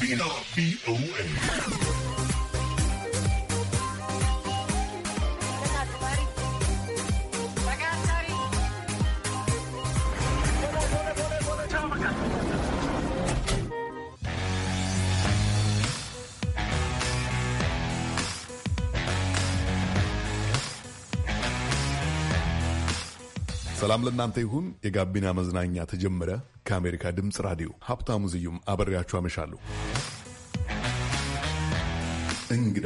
Be not be B-O-A. ሰላም ለእናንተ ይሁን። የጋቢና መዝናኛ ተጀመረ። ከአሜሪካ ድምፅ ራዲዮ ሀብታሙ ዝዩም አበሬያችሁ አመሻለሁ። እንግዳ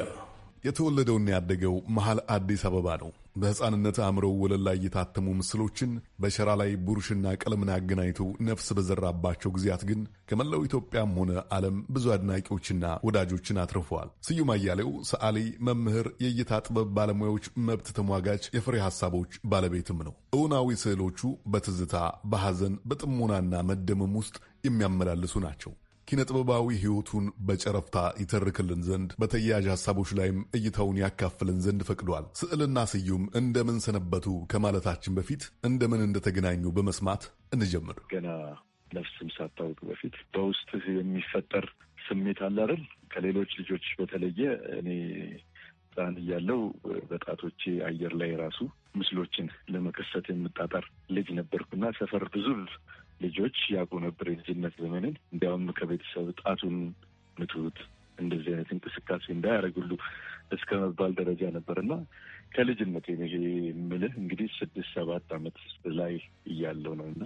የተወለደውና ያደገው መሀል አዲስ አበባ ነው። በሕፃንነት አእምሮ ወለል ላይ የታተሙ ምስሎችን በሸራ ላይ ብሩሽና ቀለምን አገናኝቶ ነፍስ በዘራባቸው ጊዜያት ግን ከመላው ኢትዮጵያም ሆነ ዓለም ብዙ አድናቂዎችና ወዳጆችን አትርፈዋል። ስዩም አያሌው ሰዓሊ፣ መምህር፣ የእይታ ጥበብ ባለሙያዎች መብት ተሟጋች፣ የፍሬ ሐሳቦች ባለቤትም ነው። እውናዊ ስዕሎቹ በትዝታ በሐዘን በጥሞናና መደመም ውስጥ የሚያመላልሱ ናቸው። ኪነጥበባዊ ሕይወቱን በጨረፍታ ይተርክልን ዘንድ በተያያዥ ሀሳቦች ላይም እይታውን ያካፍልን ዘንድ ፈቅዷል። ስዕልና ስዩም እንደምን ሰነበቱ ከማለታችን በፊት እንደምን እንደተገናኙ በመስማት እንጀምር። ገና ነፍስም ሳታውቅ በፊት በውስጥህ የሚፈጠር ስሜት አለ አይደል? ከሌሎች ልጆች በተለየ እኔ ሕፃን እያለሁ በጣቶቼ አየር ላይ ራሱ ምስሎችን ለመከሰት የምጣጠር ልጅ ነበርኩና ሰፈር ብዙ ልጆች ያውቁ ነበር የልጅነት ዘመንን። እንዲያውም ከቤተሰብ ጣቱን ምትት እንደዚህ አይነት እንቅስቃሴ እንዳያደርግሉ እስከ መባል ደረጃ ነበር እና ከልጅነት ይሄ የምልህ እንግዲህ ስድስት ሰባት አመት ላይ እያለው ነው እና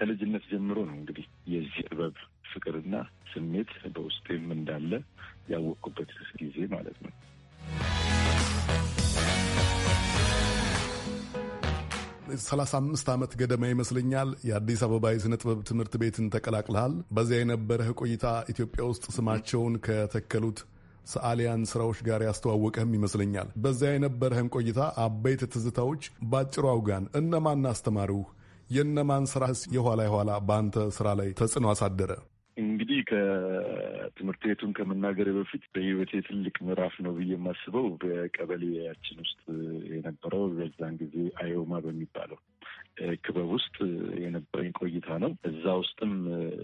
ከልጅነት ጀምሮ ነው እንግዲህ የዚህ ጥበብ ፍቅርና ስሜት በውስጤም እንዳለ ያወቅኩበት ጊዜ ማለት ነው። 35 ዓመት ገደማ ይመስለኛል የአዲስ አበባ የስነ ጥበብ ትምህርት ቤትን ተቀላቅልሃል። በዚያ የነበረህ ቆይታ ኢትዮጵያ ውስጥ ስማቸውን ከተከሉት ሰዓሊያን ስራዎች ጋር ያስተዋወቀህም ይመስለኛል። በዚያ የነበረህን ቆይታ አበይት ትዝታዎች በአጭሩ አውጋን። እነማን አስተማሪው? የእነማን ስራስ የኋላ የኋላ በአንተ ስራ ላይ ተጽዕኖ አሳደረ? እንግዲህ ከትምህርት ቤቱን ከመናገሪ በፊት በህይወቴ ትልቅ ምዕራፍ ነው ብዬ የማስበው በቀበሌያችን ውስጥ የነበረው በዛን ጊዜ አዮማ በሚባለው ክበብ ውስጥ የነበረኝ ቆይታ ነው። እዛ ውስጥም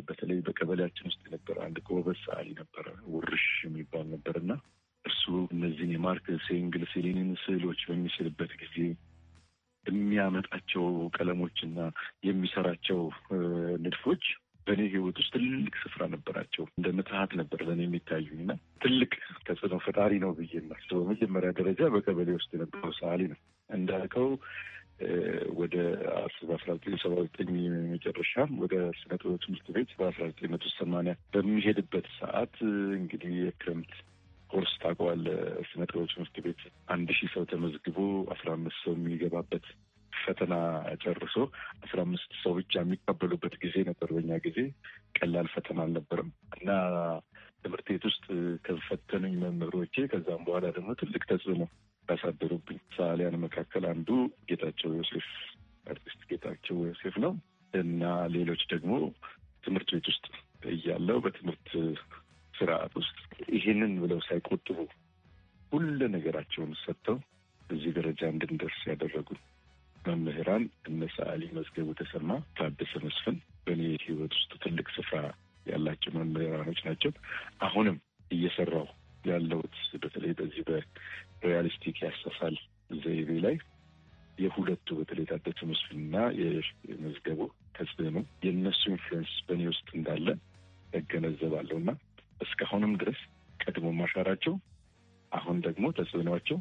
በተለይ በቀበሌያችን ውስጥ የነበረ አንድ ጎበዝ ሰዓሊ ነበረ፣ ውርሽ የሚባል ነበርና እርሱ እነዚህን የማርክስ የእንግልስ የሌኒን ስዕሎች በሚስልበት ጊዜ የሚያመጣቸው ቀለሞችና የሚሰራቸው ንድፎች በእኔ ህይወት ውስጥ ትልቅ ስፍራ ነበራቸው። እንደ ምትሀት ነበር ለእኔ የሚታዩኝ እና ትልቅ ተጽዕኖ ፈጣሪ ነው ብዬ የማስበው በመጀመሪያ ደረጃ በቀበሌ ውስጥ የነበረው ሰዓሊ ነው እንዳልከው ወደ በአስራ ዘጠኝ ሰባ ዘጠኝ መጨረሻ ወደ ስነ ጥበብ ትምህርት ቤት በአስራ ዘጠኝ መቶ ሰማንያ በሚሄድበት ሰዓት እንግዲህ የክረምት ኮርስ ታውቀዋለህ። ስነ ጥበብ ትምህርት ቤት አንድ ሺህ ሰው ተመዝግቦ አስራ አምስት ሰው የሚገባበት ፈተና ጨርሶ አስራ አምስት ሰው ብቻ የሚቀበሉበት ጊዜ ነበር። በኛ ጊዜ ቀላል ፈተና አልነበረም እና ትምህርት ቤት ውስጥ ከፈተኑኝ መምህሮቼ ከዛም በኋላ ደግሞ ትልቅ ተጽዕኖ ያሳደሩብኝ ሰዓሊያን መካከል አንዱ ጌታቸው ዮሴፍ አርቲስት ጌታቸው ዮሴፍ ነው እና ሌሎች ደግሞ ትምህርት ቤት ውስጥ እያለው በትምህርት ስርዓት ውስጥ ይህንን ብለው ሳይቆጥቡ ሁሉ ነገራቸውን ሰጥተው እዚህ ደረጃ እንድንደርስ ያደረጉን መምህራን እነ ሰዓሊ መዝገቡ ተሰማ፣ ታደሰ መስፍን በእኔ ህይወት ውስጥ ትልቅ ስፍራ ያላቸው መምህራኖች ናቸው። አሁንም እየሰራው ያለውት በተለይ በዚህ በሪያሊስቲክ ያሳሳል ዘይቤ ላይ የሁለቱ በተለይ ታደሰ መስፍንና የመዝገቡ ተጽዕኖ የእነሱ ኢንፍሉዌንስ በእኔ ውስጥ እንዳለ እገነዘባለሁ እና እስካሁንም ድረስ ቀድሞ ማሻራቸው አሁን ደግሞ ተጽዕኗቸው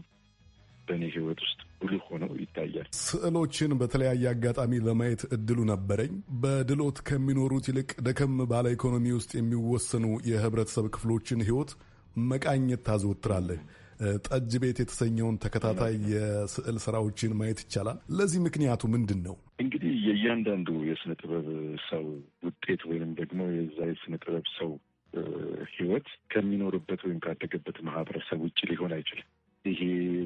በእኔ ህይወት ውስጥ ጉልህ ሆነው ይታያል። ስዕሎችን በተለያየ አጋጣሚ ለማየት እድሉ ነበረኝ። በድሎት ከሚኖሩት ይልቅ ደከም ባለ ኢኮኖሚ ውስጥ የሚወሰኑ የህብረተሰብ ክፍሎችን ህይወት መቃኘት ታዘወትራለህ። ጠጅ ቤት የተሰኘውን ተከታታይ የስዕል ስራዎችን ማየት ይቻላል። ለዚህ ምክንያቱ ምንድን ነው? እንግዲህ የእያንዳንዱ የስነ ጥበብ ሰው ውጤት ወይም ደግሞ የዛ የስነ ጥበብ ሰው ህይወት ከሚኖርበት ወይም ካደገበት ማህበረሰብ ውጭ ሊሆን አይችልም። ይሄ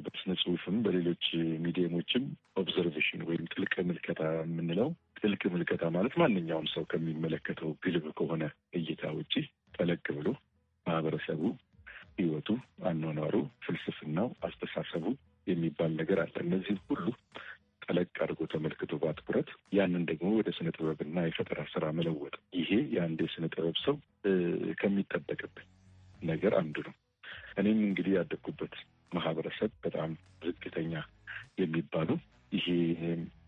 በስነ ጽሁፍም በሌሎች ሚዲየሞችም ኦብዘርቬሽን ወይም ጥልቅ ምልከታ የምንለው ጥልቅ ምልከታ ማለት ማንኛውም ሰው ከሚመለከተው ግልብ ከሆነ እይታ ውጪ ጠለቅ ብሎ ማህበረሰቡ፣ ህይወቱ፣ አኗኗሩ፣ ፍልስፍናው፣ አስተሳሰቡ የሚባል ነገር አለ። እነዚህ ሁሉ ጠለቅ አድርጎ ተመልክቶ በአትኩረት ያንን ደግሞ ወደ ስነ ጥበብና የፈጠራ ስራ መለወጥ፣ ይሄ የአንድ የስነ ጥበብ ሰው ከሚጠበቅብን ነገር አንዱ ነው። እኔም እንግዲህ ያደግኩበት ማህበረሰብ በጣም ዝቅተኛ የሚባሉ ይሄ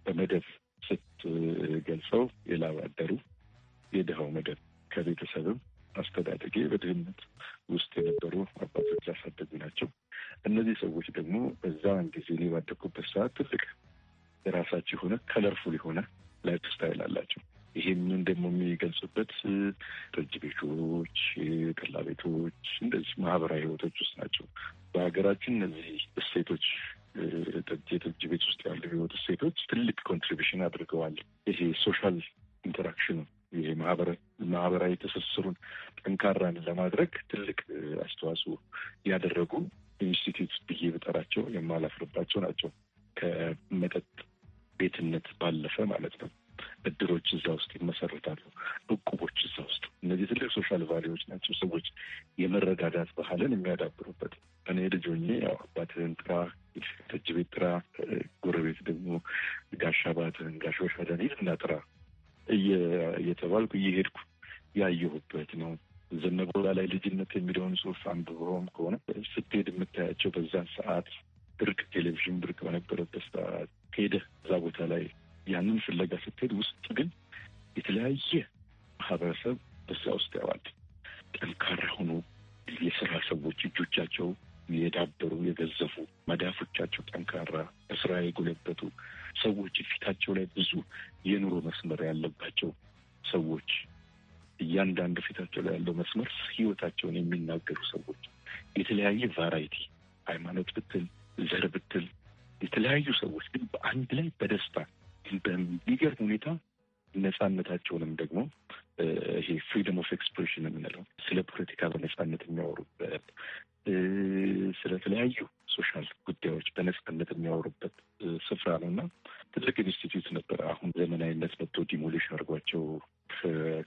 በመደብ ስትገልጸው የላብ አደሩ የድሃው መደብ ከቤተሰብም አስተዳደጌ በድህነት ውስጥ የነበሩ አባቶች ያሳደጉ ናቸው። እነዚህ ሰዎች ደግሞ በዛን ጊዜ እኔ ሰዓት ትልቅ የራሳቸው የሆነ ከለርፉል የሆነ ላይፍ ስታይል አላቸው። ይህንን ደግሞ የሚገልጹበት ጠጅ ቤቶች፣ ጠላ ቤቶች እንደዚህ ማህበራዊ ህይወቶች ውስጥ ናቸው። በሀገራችን እነዚህ እሴቶች ጠጅ ቤት ውስጥ ያሉ ህይወት እሴቶች ትልቅ ኮንትሪቢሽን አድርገዋል። ይሄ ሶሻል ኢንተራክሽኑ ይሄ ማህበራዊ ትስስሩን ጠንካራን ለማድረግ ትልቅ አስተዋጽኦ ያደረጉ ኢንስቲትዩት ብዬ ብጠራቸው የማላፍርባቸው ናቸው። ከመጠጥ ቤትነት ባለፈ ማለት ነው። እድሮች እዛ ውስጥ ይመሰረታሉ። እቁቦች እዛ ውስጥ እነዚህ ትልቅ ሶሻል ቫሊዎች ናቸው። ሰዎች የመረዳዳት ባህልን የሚያዳብሩበት እኔ ልጅ ያው አባትህን ጥራ፣ ተጅ ቤት ጥራ፣ ጎረቤት ደግሞ ጋሻ ባትህን ጋሻ ወሻደን ሂድና ጥራ እየተባልኩ እየሄድኩ ያየሁበት ነው። ዘነጎላ ላይ ልጅነት የሚለውን ጽሑፍ አንብበውም ከሆነ ስትሄድ የምታያቸው በዛን ሰዓት ብርቅ ቴሌቪዥን ብርቅ በነበረበት ሰዓት ሄደህ እዛ ቦታ ላይ ያንን ፍለጋ ስትሄድ ውስጥ ውጭ ግን የተለያየ ማህበረሰብ በዛ ውስጥ ያዋል። ጠንካራ ሆኖ የስራ ሰዎች እጆቻቸው የዳበሩ የገዘፉ፣ መዳፎቻቸው ጠንካራ በስራ የጎለበቱ ሰዎች ፊታቸው ላይ ብዙ የኑሮ መስመር ያለባቸው ሰዎች እያንዳንዱ ፊታቸው ላይ ያለው መስመር ህይወታቸውን የሚናገሩ ሰዎች የተለያየ ቫራይቲ ሃይማኖት ብትል ዘር ብትል የተለያዩ ሰዎች ግን በአንድ ላይ በደስታ በሚገርም ሁኔታ ነጻነታቸውንም ደግሞ ይሄ ፍሪደም ኦፍ ኤክስፕሬሽን የምንለው ስለ ፖለቲካ በነጻነት የሚያወሩበት ስለተለያዩ ሶሻል ጉዳዮች በነጻነት የሚያወሩበት ስፍራ ነው እና ትልቅ ኢንስቲትዩት ነበር። አሁን ዘመናዊነት መጥቶ ዲሞሊሽ አድርጓቸው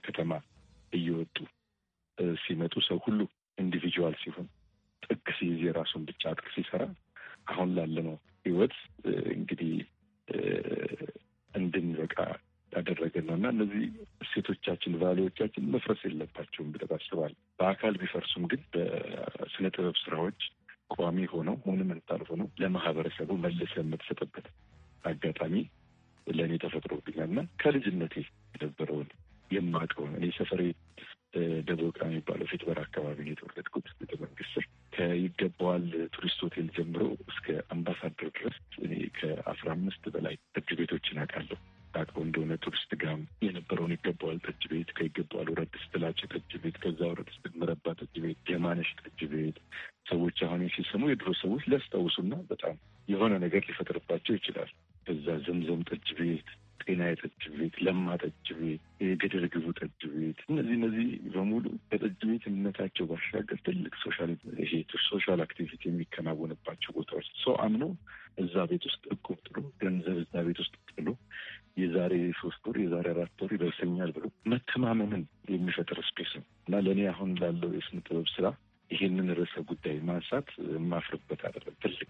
ከተማ እየወጡ ሲመጡ ሰው ሁሉ ኢንዲቪጁዋል ሲሆን ጥግ ሲይዝ የራሱን ብቻ አጥር ሲሰራ አሁን ላለነው ህይወት እንግዲህ እንድንበቃ ያደረገ ነው እና እነዚህ እሴቶቻችን ቫሌዎቻችን መፍረስ የለባቸውም ብለን አስባለሁ። በአካል ቢፈርሱም ግን በስነ ጥበብ ስራዎች ቋሚ ሆነው ሞኑመንታል ሆነው ለማህበረሰቡ መልስ የምትሰጥበት አጋጣሚ ለእኔ ተፈጥሮብኛል እና ከልጅነቴ የነበረውን የማውቀውን እኔ ሰፈሬ ደቦቃ የሚባለው ፊትበር አካባቢ ነው የተወለድኩት ቤተ ስር ከይገባዋል ቱሪስት ሆቴል ጀምሮ እስከ አምባሳደር ድረስ እኔ ከአስራ አምስት በላይ እጅ ቤቶችን አውቃለሁ። ታቅቦ እንደሆነ ቱሪስት ጋም የነበረውን ይገባዋል ጠጅ ቤት ከይገባዋል ወረድ ስትላቸው ጠጅ ቤት ከዛ ወረድ ስትምረባ ጠጅ ቤት የማነሽ ጠጅ ቤት ሰዎች አሁን ሲሰሙ የድሮ ሰዎች ሊያስታውሱና በጣም የሆነ ነገር ሊፈጥርባቸው ይችላል። ከዛ ዘምዘም ጠጅ ቤት፣ ጤና የጠጅ ቤት፣ ለማ ጠጅ ቤት፣ የገደር ግቡ ጠጅ ቤት እነዚህ እነዚህ በሙሉ ከጠጅ ቤትነታቸው ባሻገር ትልቅ ሶሻል ሶሻል አክቲቪቲ የሚከናወንባቸው ቦታዎች ሰው አምኖ እዛ ቤት ውስጥ እቁብ ጥሩ ገንዘብ እዛ ቤት ውስጥ የዛሬ ሶስት ወር የዛሬ አራት ወር ይደርሰኛል ብሎ መተማመንን የሚፈጥር ስፔስ ነው እና ለእኔ አሁን ላለው የስነ ጥበብ ስራ ይህንን ርዕሰ ጉዳይ ማንሳት የማፍርበት አደረግ ትልቅ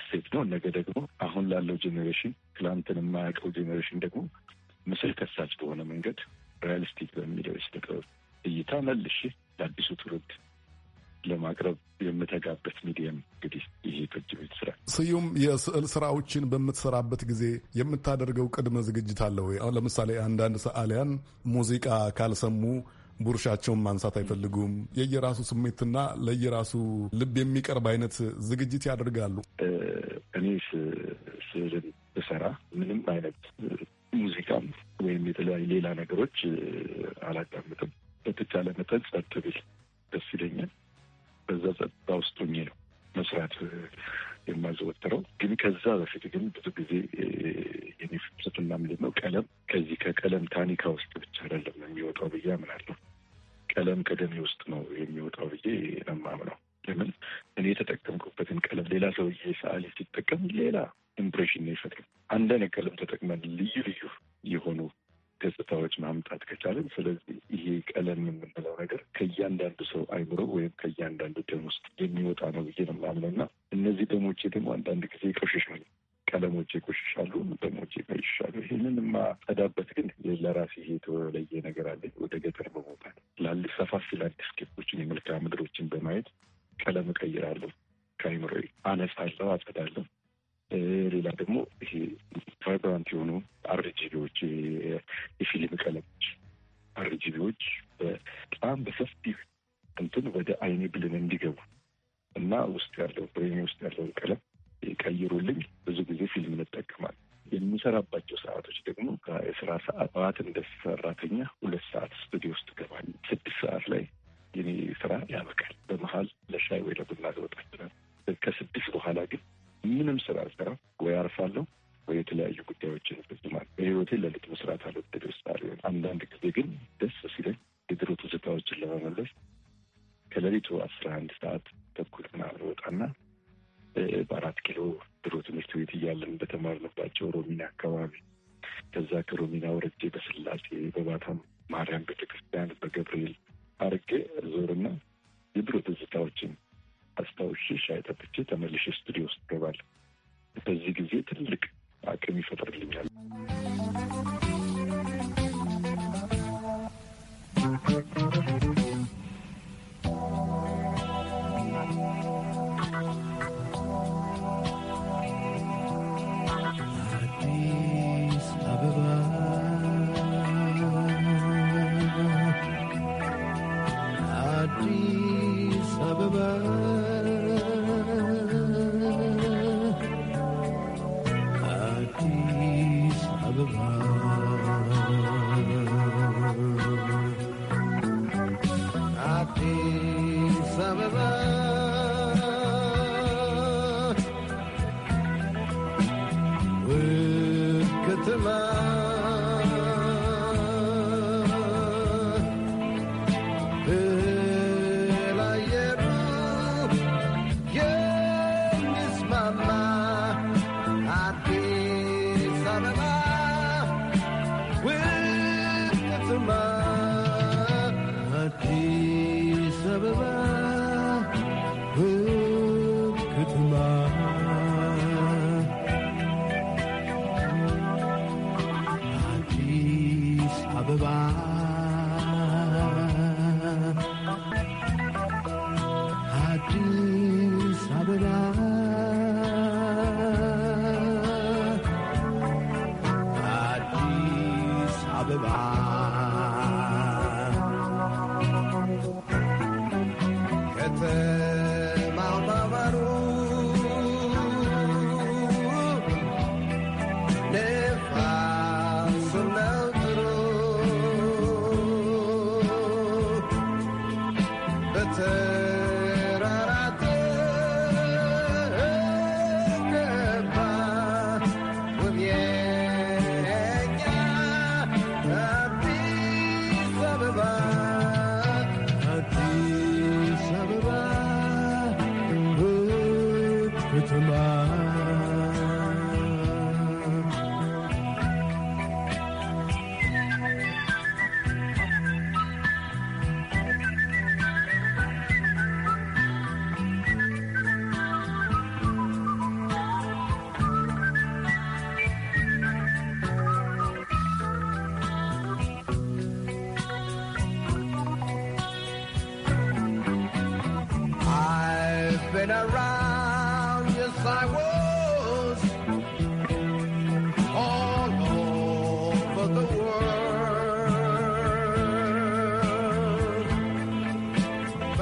እሴት ነው። ነገ ደግሞ አሁን ላለው ጄኔሬሽን፣ ትላንትን የማያውቀው ጄኔሬሽን ደግሞ ምስል ከሳች በሆነ መንገድ ሪያሊስቲክ በሚለው የስነ ጥበብ እይታ መልሼ ለአዲሱ ትውልድ ለማቅረብ የምተጋበት ሚዲየም ይሄ ቅጅ ቤት ስራ። ስዩም፣ የስዕል ስራዎችን በምትሰራበት ጊዜ የምታደርገው ቅድመ ዝግጅት አለ ወይ? አሁን ለምሳሌ አንዳንድ ሰዓሊያን ሙዚቃ ካልሰሙ ቡርሻቸውን ማንሳት አይፈልጉም። የየራሱ ስሜትና ለየራሱ ልብ የሚቀርብ አይነት ዝግጅት ያደርጋሉ። እኔ ስዕልን ብሰራ ምንም አይነት ሙዚቃም ወይም የተለያዩ ሌላ ነገሮች አላዳምጥም። በተቻለ መጠን ጸጥ ብል ደስ ይለኛል። በዛ ጸጥታ ውስጥ ሆኜ ነው መስራት የማዘወትረው ግን ከዛ በፊት ግን ብዙ ጊዜ የኔ ፍልስፍና ምንድን ነው ቀለም ከዚህ ከቀለም ታኒካ ውስጥ ብቻ አይደለም የሚወጣው ብዬ አምናለሁ። ቀለም ከደሜ ውስጥ ነው የሚወጣው ብዬ የማምነው። ለምን እኔ የተጠቀምኩበትን ቀለም ሌላ ሰውዬ ሰዓሊ ሲጠቀም ሌላ ኢምፕሬሽን ነው ይፈጥራል። አንድ አይነት ቀለም ተጠቅመን ልዩ ልዩ የሆኑ ገጽታዎች ማምጣት ከቻለን፣ ስለዚህ ይሄ ቀለም የምንለው ነገር ከእያንዳንዱ ሰው አይምሮ ወይም ከእያንዳንዱ ደም ውስጥ የሚወጣ ነው ብዬ ነው የማምነው እና እነዚህ ደሞቼ ደግሞ አንዳንድ ጊዜ ይቆሽሻሉ። ቀለሞች ይቆሽሻሉ፣ ደሞች ይቆሽሻሉ። ይህንን የማጸዳበት ግን ለራሴ የተለየ ነገር አለ። ወደ ገጠር በመውጣት ላል ሰፋፊ ላንድስኬፖችን የመልክዓ ምድሮችን በማየት ቀለም እቀይራለሁ፣ ከአይምሮ አነሳለሁ፣ አጸዳለሁ። ሌላ ደግሞ ይሄ ቫይብራንት የሆኑ አርጂቢዎች የፊልም ቀለሞች አርጂቢዎች በጣም በሰፊ እንትን ወደ አይኒ ብልን እንዲገቡ እና ውስጥ ያለው ብሬኔ ውስጥ ያለውን ቀለም ቀይሩልኝ። ብዙ ጊዜ ፊልም እንጠቀማል። የሚሰራባቸው ሰዓቶች ደግሞ የስራ ሰዓት እንደ ሰራተኛ ሁለት ሰዓት ስቱዲዮ ውስጥ ገባል። ስድስት ሰዓት ላይ የኔ ስራ ያበቃል። በመሀል ለሻይ ወይ ለቡና ልወጣ ከስድስት በኋላ ግን ምንም ስራ ስራ ወይ አርፋለሁ ወይ የተለያዩ ጉዳዮች እፈጽማለሁ። በህይወቴ ለልጥ መስራት አለ ደስ አንዳንድ ጊዜ ግን ደስ ሲለኝ የድሮ ትዝታዎችን ለመመለስ ከሌሊቱ አስራ አንድ ሰዓት ተኩል ምናምን ወጣና በአራት ኪሎ ድሮ ትምህርት ቤት እያለን በተማርንባቸው ሮሚና አካባቢ ከዛ ከሮሚና ወረጄ በስላሴ በባታም ማርያም ቤተክርስቲያን በገብርኤል አርጌ ዞርና የድሮ ትዝታዎችን አስታውሽ ሻይ ጠጥቼ ተመልሼ ስቱዲዮ ውስጥ እገባለሁ። በዚህ ጊዜ ትልቅ አቅም ይፈጥርልኛል።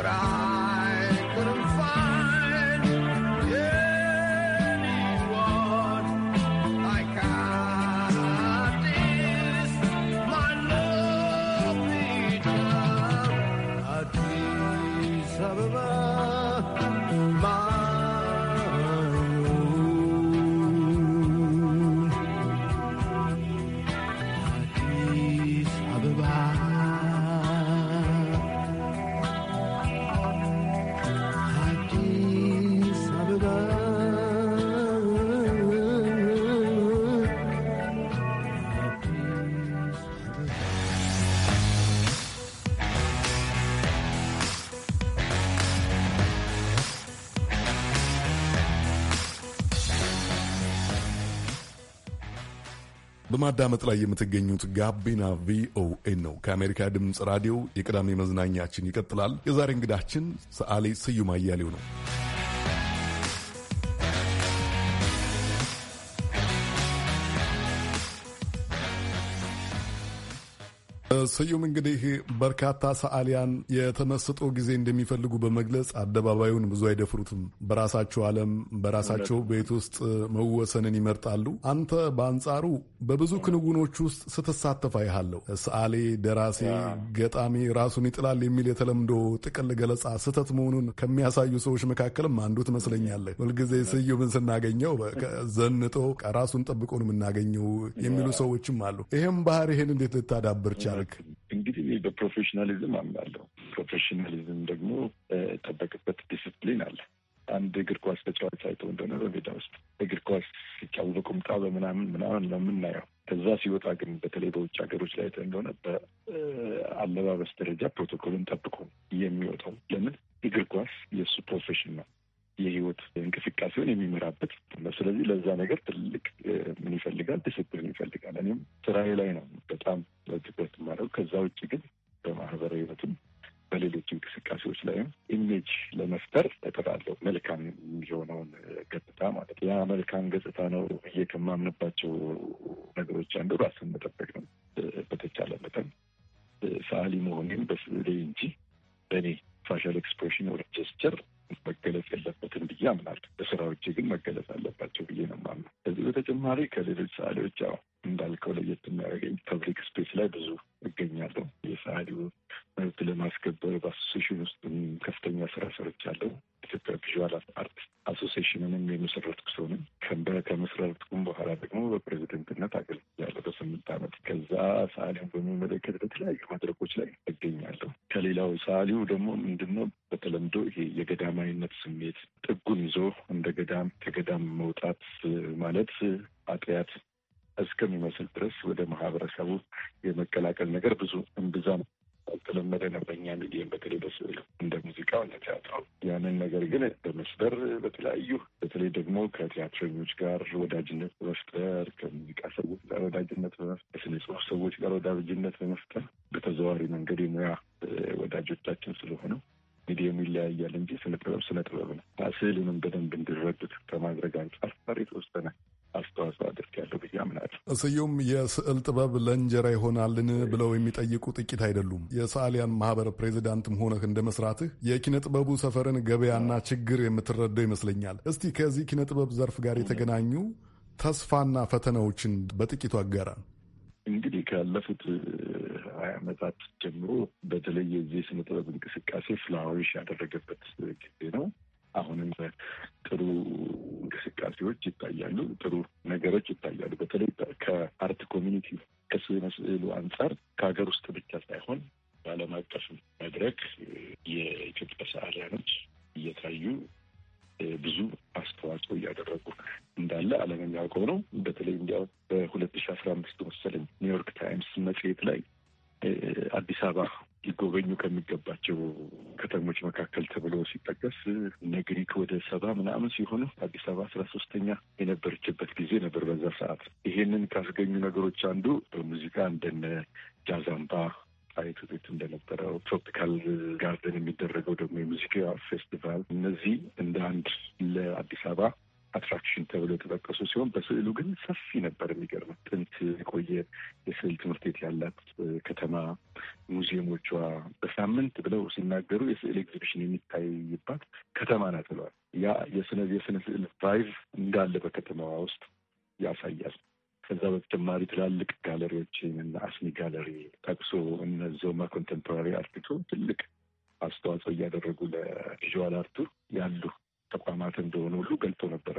Abra. በማዳመጥ ላይ የምትገኙት ጋቢና ቪኦኤ ነው ከአሜሪካ ድምፅ ራዲዮ። የቅዳሜ መዝናኛችን ይቀጥላል። የዛሬ እንግዳችን ሰዓሊ ስዩም አያሌው ነው። ስዩም እንግዲህ በርካታ ሰዓሊያን የተመስጦ ጊዜ እንደሚፈልጉ በመግለጽ አደባባዩን ብዙ አይደፍሩትም። በራሳቸው ዓለም በራሳቸው ቤት ውስጥ መወሰንን ይመርጣሉ። አንተ በአንጻሩ በብዙ ክንውኖች ውስጥ ስትሳተፍ አይሃለሁ። ሰዓሌ፣ ደራሴ፣ ገጣሚ ራሱን ይጥላል የሚል የተለምዶ ጥቅል ገለጻ ስህተት መሆኑን ከሚያሳዩ ሰዎች መካከልም አንዱ ትመስለኛለህ። ሁልጊዜ ስዩምን ስናገኘው ዘንጦ ራሱን ጠብቆ ነው የምናገኘው የሚሉ ሰዎችም አሉ። ይህም ባህሪህን እንዴት ልታዳብር ቻል? ማድረግ እንግዲህ በፕሮፌሽናሊዝም አምናለሁ። ፕሮፌሽናሊዝም ደግሞ ጠበቅበት ዲስፕሊን አለ። አንድ እግር ኳስ ተጫዋች አይቶ እንደሆነ በሜዳ ውስጥ እግር ኳስ ሲጫወት በቁምጣ በምናምን ምናምን ነው የምናየው። ከዛ ሲወጣ ግን በተለይ በውጭ ሀገሮች ላይ አይተህ እንደሆነ በአለባበስ ደረጃ ፕሮቶኮልን ጠብቆ የሚወጣው ለምን? እግር ኳስ የእሱ ፕሮፌሽን ነው። የህይወት እንቅስቃሴውን የሚመራበት ነው። ስለዚህ ለዛ ነገር ትልቅ ምን ይፈልጋል? ዲስፕሊን ይፈልጋል። እኔም ስራዬ ላይ ነው በጣም ትኩረት ማድረግ። ከዛ ውጭ ግን በማህበራዊ ህይወትም በሌሎች እንቅስቃሴዎች ላይም ኢሜጅ ለመፍጠር እጥራለሁ። መልካም የሚሆነውን ገጽታ ማለት ያ መልካም ገጽታ ነው ብዬ ከማምንባቸው ነገሮች አንዱ ራስን መጠበቅ ነው። በተቻለ መጠን ሰዓሊ መሆኔን በስዕሌ እንጂ በእኔ ፋሻል ኤክስፕሬሽን ወደ ጀስቸር መገለጽ የለም ብዬ አምናለሁ። በስራዎቼ ግን መገለጽ አለባቸው ብዬ ነው የማምነው። ከዚህ በተጨማሪ ከሌሎች ሰዓሊዎች ያው እንዳልከው ለየት የሚያደርገኝ ፐብሊክ ስፔስ ላይ ብዙ እገኛለሁ። የሰዓሊው መብት ለማስከበር በአሶሴሽን ውስጥ ከፍተኛ ስራ ሰርቻለሁ። ኢትዮጵያ ቪዥዋል አርት አሶሴሽንንም የመሰረትኩ ሰው ነኝ። ከመሰረትኩም በኋላ ደግሞ በፕሬዚደንትነት አገልግያለሁ በስምንት ዓመት። ከዛ ሰዓሊውን በሚመለከት በተለያዩ መድረኮች ላይ እገኛለሁ። ከሌላው ሰዓሊው ደግሞ ምንድነው በተለምዶ ይሄ የገዳማዊነት ስሜት ጥጉን ይዞ እንደ ገዳም ከገዳም መውጣት ማለት አጥያት እስከሚመስል ድረስ ወደ ማህበረሰቡ የመቀላቀል ነገር ብዙ እምብዛም ያልተለመደ ነው በእኛ ሚዲየም በተለይ በስዕል እንደ ሙዚቃው እንደ ቲያትሮ ያንን ነገር ግን በመስበር በተለያዩ በተለይ ደግሞ ከቲያትረኞች ጋር ወዳጅነት በመፍጠር ከሙዚቃ ሰዎች ጋር ወዳጅነት በመፍጠር ከስነ ጽሁፍ ሰዎች ጋር ወዳጅነት በመፍጠር በተዘዋዋሪ መንገድ የሙያ ወዳጆቻችን ስለሆነው ሚዲየሙ ይለያያል እንጂ ስነ ጥበብ ስነ ጥበብ ነው። ስዕሉንም በደንብ እንድረዱት ከማድረግ አንጻር ፈር የተወሰነ አስተዋጽኦ አድርጊያለሁ ብዬ አምናለሁ። እስዩም የስዕል ጥበብ ለእንጀራ ይሆናልን ብለው የሚጠይቁ ጥቂት አይደሉም። የሰዓሊያን ማህበር ፕሬዚዳንትም ሆነህ እንደ መስራትህ የኪነ ጥበቡ ሰፈርን ገበያና ችግር የምትረዳው ይመስለኛል። እስቲ ከዚህ ኪነ ጥበብ ዘርፍ ጋር የተገናኙ ተስፋና ፈተናዎችን በጥቂቱ አጋራን። እንግዲህ ካለፉት ሀያ አመታት ጀምሮ በተለይ የዚህ ስነ ጥበብ እንቅስቃሴ ፍላዋሪሽ ያደረገበት ጊዜ ነው። አሁንም ጥሩ እንቅስቃሴዎች ይታያሉ፣ ጥሩ ነገሮች ይታያሉ። በተለይ ከአርት ኮሚኒቲ ስዕሉ አንጻር ከሀገር ውስጥ ብቻ ሳይሆን በዓለም አቀፍ መድረክ የኢትዮጵያ ሰዓሊያኖች እየታዩ ብዙ አስተዋጽኦ እያደረጉ እንዳለ ዓለም የሚያውቀው ነው። በተለይ እንዲያው በሁለት ሺ አስራ አምስት መሰለኝ ኒውዮርክ ታይምስ መጽሔት ላይ አዲስ አበባ ሊጎበኙ ከሚገባቸው ከተሞች መካከል ተብሎ ሲጠቀስ እነ ግሪክ ወደ ሰባ ምናምን ሲሆኑ አዲስ አበባ አስራ ሶስተኛ የነበረችበት ጊዜ ነበር በዛ ሰዓት። ይሄንን ካስገኙ ነገሮች አንዱ በሙዚቃ እንደነ ጃዛምባ አይቱት እንደነበረው ትሮፒካል ጋርደን የሚደረገው ደግሞ የሙዚቃ ፌስቲቫል እነዚህ እንደ አንድ ለአዲስ አበባ አትራክሽን ተብሎ የተጠቀሱ ሲሆን በስዕሉ ግን ሰፊ ነበር። የሚገርመው ጥንት የቆየ የስዕል ትምህርት ቤት ያላት ከተማ ሙዚየሞቿ በሳምንት ብለው ሲናገሩ የስዕል ኤግዚቢሽን የሚታይባት ከተማ ናት ብለዋል። ያ የስነ የስነ ስዕል ቫይቭ እንዳለ በከተማዋ ውስጥ ያሳያል። ከዛ በተጨማሪ ትላልቅ ጋለሪዎችን እና አስኒ ጋለሪ ጠቅሶ እነ ዞማ ኮንቴምፖራሪ አርቲቱ ትልቅ አስተዋጽኦ እያደረጉ ለቪዥዋል አርቱ ያሉ ተቋማት እንደሆኑ ሁሉ ገልጦ ነበረ።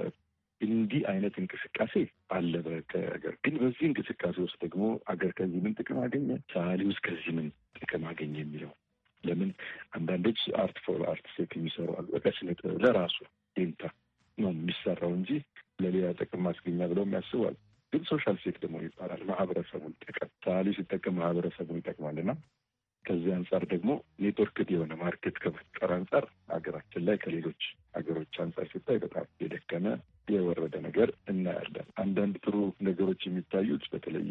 እንዲህ አይነት እንቅስቃሴ አለ ከሀገር ግን በዚህ እንቅስቃሴ ውስጥ ደግሞ አገር ከዚህ ምን ጥቅም አገኘ፣ ሳሊ ውስጥ ከዚህ ምን ጥቅም አገኘ የሚለው ለምን አንዳንዶች አርት ፎር አርት ሴክ የሚሰሩ አሉ። በቃ ስነ ጥበብ ለራሱ ዴንታ ነው የሚሰራው እንጂ ለሌላ ጥቅም ማስገኛ ብለውም ያስባሉ። ግን ሶሻል ደግሞ ይባላል። ማህበረሰቡን ይጠቀም ሰዓሊ ሲጠቀም ማህበረሰቡን ይጠቅማል እና ከዚህ አንጻር ደግሞ ኔትወርክ የሆነ ማርኬት ከመፍጠር አንጻር ሀገራችን ላይ ከሌሎች ሀገሮች አንጻር ሲታይ በጣም የደከመ የወረደ ነገር እናያለን። አንዳንድ ጥሩ ነገሮች የሚታዩት በተለይ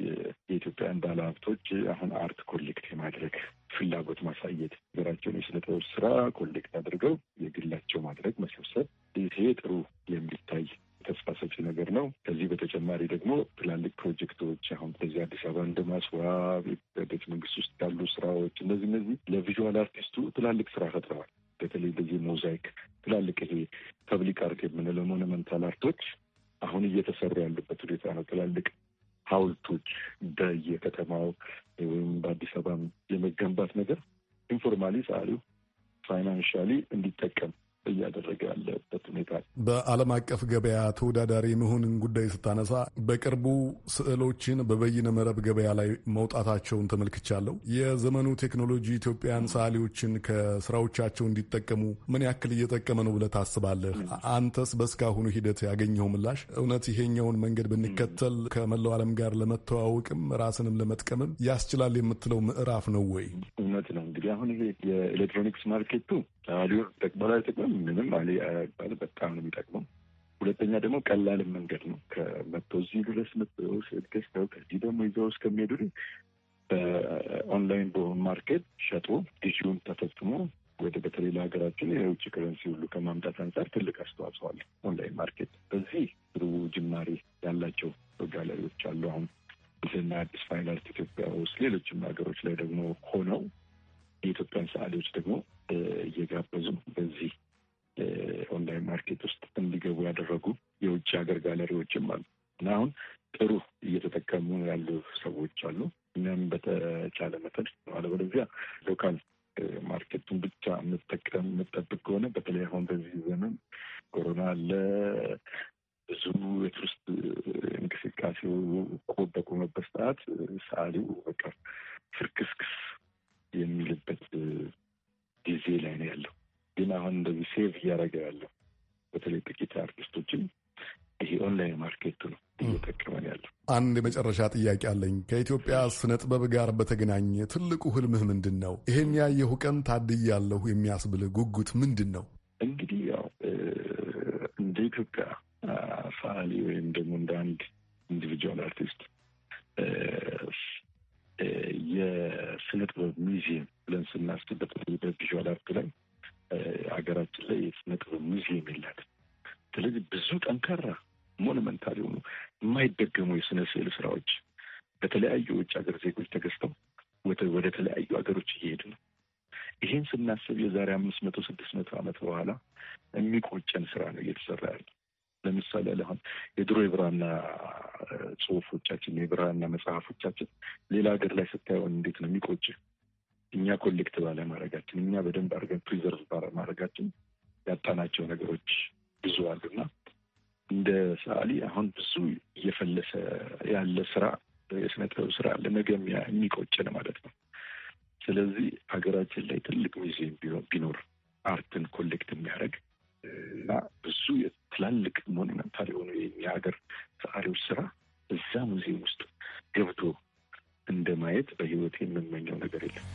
የኢትዮጵያን ባለሀብቶች አሁን አርት ኮሌክት የማድረግ ፍላጎት ማሳየት፣ ሀገራቸውን የስነ ስራ ኮሌክት አድርገው የግላቸው ማድረግ መሰብሰብ፣ ይሄ ጥሩ የሚታይ ተስፋ ሰጪ ነገር ነው። ከዚህ በተጨማሪ ደግሞ ትላልቅ ፕሮጀክቶች አሁን በዚህ አዲስ አበባ እንደ ማስዋብ፣ ቤተ መንግስት ውስጥ ያሉ ስራዎች እነዚህ እነዚህ ለቪዥዋል አርቲስቱ ትላልቅ ስራ ፈጥረዋል። በተለይ በዚህ ሞዛይክ ትላልቅ ይሄ ፐብሊክ አርት የምንለው ሞኑመንታል አርቶች አሁን እየተሰሩ ያሉበት ሁኔታ ነው። ትላልቅ ሀውልቶች በየከተማው ወይም በአዲስ አበባ የመገንባት ነገር ኢንፎርማሊ ሰዓሊው ፋይናንሻሊ እንዲጠቀም እያደረገ ያለበት ሁኔታ። በዓለም አቀፍ ገበያ ተወዳዳሪ መሆንን ጉዳይ ስታነሳ በቅርቡ ስዕሎችን በበይነ መረብ ገበያ ላይ መውጣታቸውን ተመልክቻለሁ። የዘመኑ ቴክኖሎጂ ኢትዮጵያን ሰዓሊዎችን ከስራዎቻቸው እንዲጠቀሙ ምን ያክል እየጠቀመ ነው ብለህ ታስባለህ? አንተስ በእስካሁኑ ሂደት ያገኘው ምላሽ እውነት ይሄኛውን መንገድ ብንከተል ከመላው ዓለም ጋር ለመተዋወቅም ራስንም ለመጥቀምም ያስችላል የምትለው ምዕራፍ ነው ወይ? እውነት ነው እንግዲህ አሁን ይሄ የኤሌክትሮኒክስ ማርኬቱ ተማሪውን ጠቅሟል አይጠቅምም፣ ምንም አለ አይባልም። በጣም ነው የሚጠቅመው። ሁለተኛ ደግሞ ቀላል መንገድ ነው ከመቶ እዚህ ድረስ መጥገስተው ከዚህ ደግሞ ይዘው እስከሚሄዱ በኦንላይን በሆን ማርኬት ሸጦ ግዢውን ተፈጽሞ ወደ በተለይ ለሀገራችን የውጭ ከረንሲ ሁሉ ከማምጣት አንጻር ትልቅ አስተዋጽኦ አለ ኦንላይን ማርኬት። በዚህ ጥሩ ጅማሬ ያላቸው ጋለሪዎች አሉ። አሁን ምስልና አዲስ ፋይን አርት ኢትዮጵያ ውስጥ ሌሎችም ሀገሮች ላይ ደግሞ ሆነው የኢትዮጵያን ሰዓሊዎች ደግሞ እየጋበዙ በዚህ ኦንላይን ማርኬት ውስጥ እንዲገቡ ያደረጉ የውጭ ሀገር ጋለሪዎችም አሉ እና አሁን ጥሩ እየተጠቀሙ ያሉ ሰዎች አሉ። እኛም በተቻለ መጠን አለበለዚያ ሎካል ማርኬቱን ብቻ የምጠቀም የምጠብቅ ከሆነ በተለይ አሁን በዚህ ዘመን ኮሮና አለ፣ ብዙ የቱሪስት እንቅስቃሴው በቆመበት ሰዓት ሰዓሊው በቃ ፍርክስክስ የሚልበት ጊዜ ላይ ነው ያለው። ግን አሁን እንደዚህ ሴቭ እያደረገ ያለው በተለይ ጥቂት አርቲስቶችን ይሄ ኦንላይን ማርኬቱ ነው እየጠቀመን ያለው። አንድ የመጨረሻ ጥያቄ አለኝ። ከኢትዮጵያ ስነ ጥበብ ጋር በተገናኘ ትልቁ ህልምህ ምንድን ነው? ይሄን ያየሁ ቀን ታድያለሁ የሚያስብልህ ጉጉት ምንድን ነው? እንግዲህ ያው እንደ ኢትዮጵያ ፈዓሊ ወይም ደግሞ እንደ አንድ ኢንዲቪጁዋል አርቲስት የስነ ጥበብ ሙዚየም ብለን ስናስብ በተለይ በቪዥዋል አርት ላይ ሀገራችን ላይ የስነ ጥበብ ሙዚየም የላትም። ስለዚህ ብዙ ጠንካራ ሞኑመንታል የሆኑ የማይደገሙ የስነ ስዕል ስራዎች በተለያዩ ውጭ ሀገር ዜጎች ተገዝተው ወደ ተለያዩ ሀገሮች እየሄዱ ነው። ይህን ስናስብ የዛሬ አምስት መቶ ስድስት መቶ ዓመት በኋላ የሚቆጨን ስራ ነው እየተሰራ ያለው። ለምሳሌ አሁን የድሮ የብራና ጽሁፎቻችን የብራና መጽሐፎቻችን ሌላ ሀገር ላይ ስታየውን እንዴት ነው የሚቆጭ። እኛ ኮሌክት ባለማድረጋችን እኛ በደንብ አድርገን ፕሪዘርቭ ባለማድረጋችን ያጣናቸው ነገሮች ብዙ አሉና እንደ ሰዓሊ አሁን ብዙ እየፈለሰ ያለ ስራ የስነ ጥበብ ስራ ለነገ የሚቆጭ ማለት ነው። ስለዚህ ሀገራችን ላይ ትልቅ ሙዚየም ቢኖር አርትን ኮሌክት የሚያደርግ እና ብዙ ትላልቅ ሞኒመንታል የሆኑ የሀገር ሀገር ሰዓሊዎች ስራ እዛ ሙዚየም ውስጥ ገብቶ እንደማየት በህይወት የምመኘው ነገር የለም።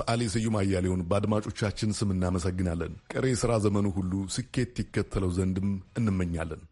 ሰዓሊ ስዩም አያሌውን በአድማጮቻችን ስም እናመሰግናለን። ቀሪ ስራ ዘመኑ ሁሉ ስኬት ይከተለው ዘንድም እንመኛለን።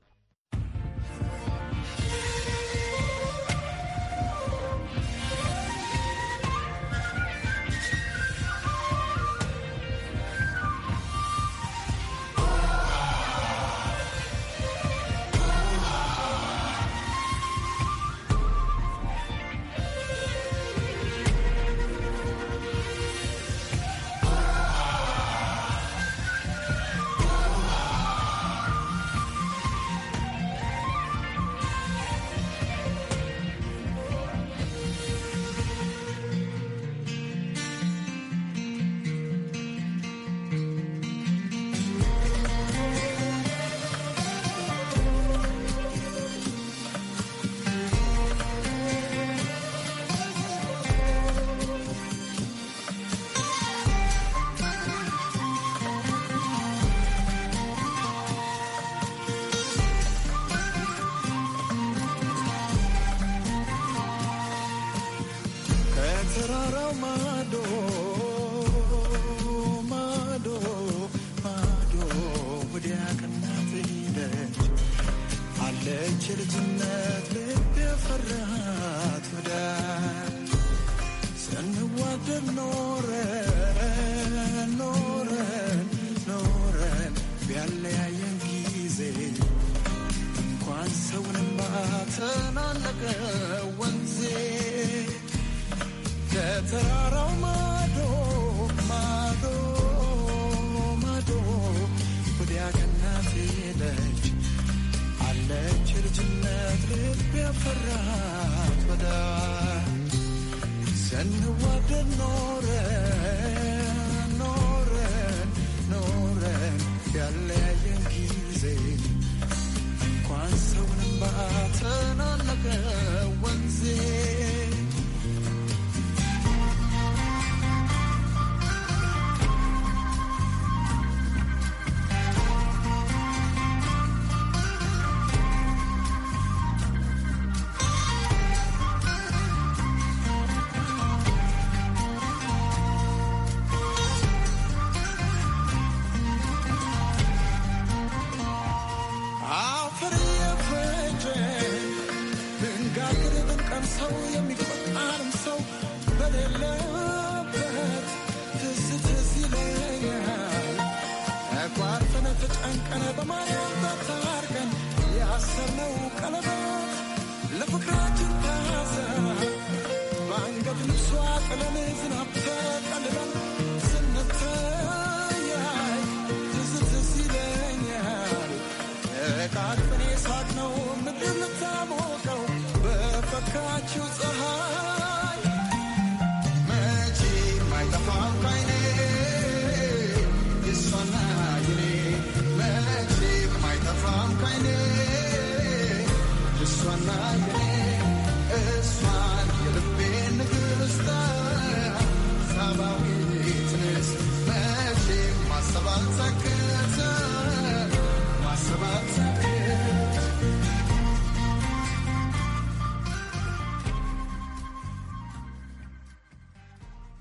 It's fine, you're the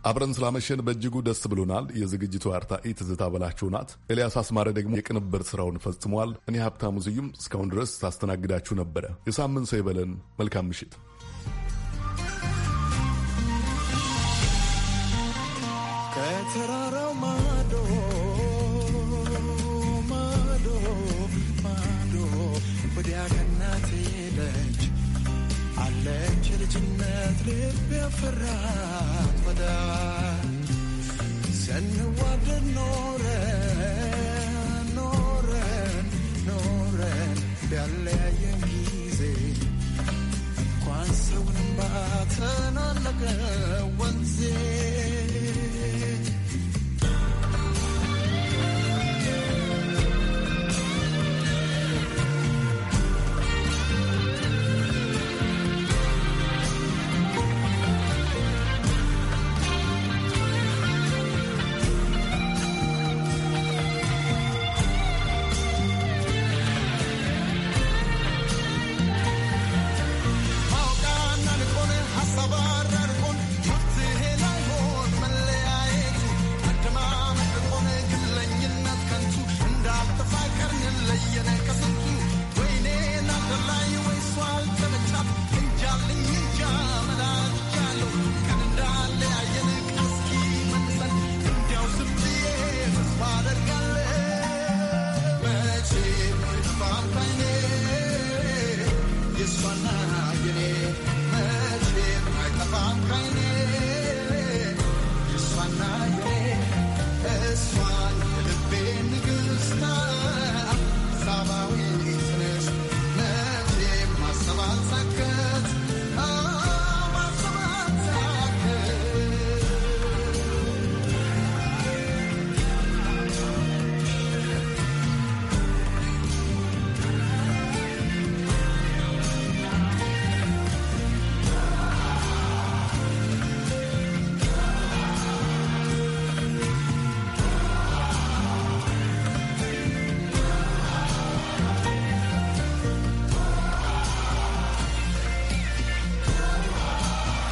አብረን ስላመሸን በእጅጉ ደስ ብሎናል። የዝግጅቱ አርታኢ ትዝታ በላቸው ናት። ኤልያስ አስማረ ደግሞ የቅንብር ስራውን ፈጽሟል። እኔ ሀብታሙ ስዩም እስካሁን ድረስ ሳስተናግዳችሁ ነበረ። የሳምንት ሰው ይበለን። መልካም ምሽት። ከተራራው ማዶ ማዶ ማዶ ወዲያ ከናቴ ልጅ አለች ልጅነት ልብ ያፈራት ወዳ ስንዋደድ ኖረ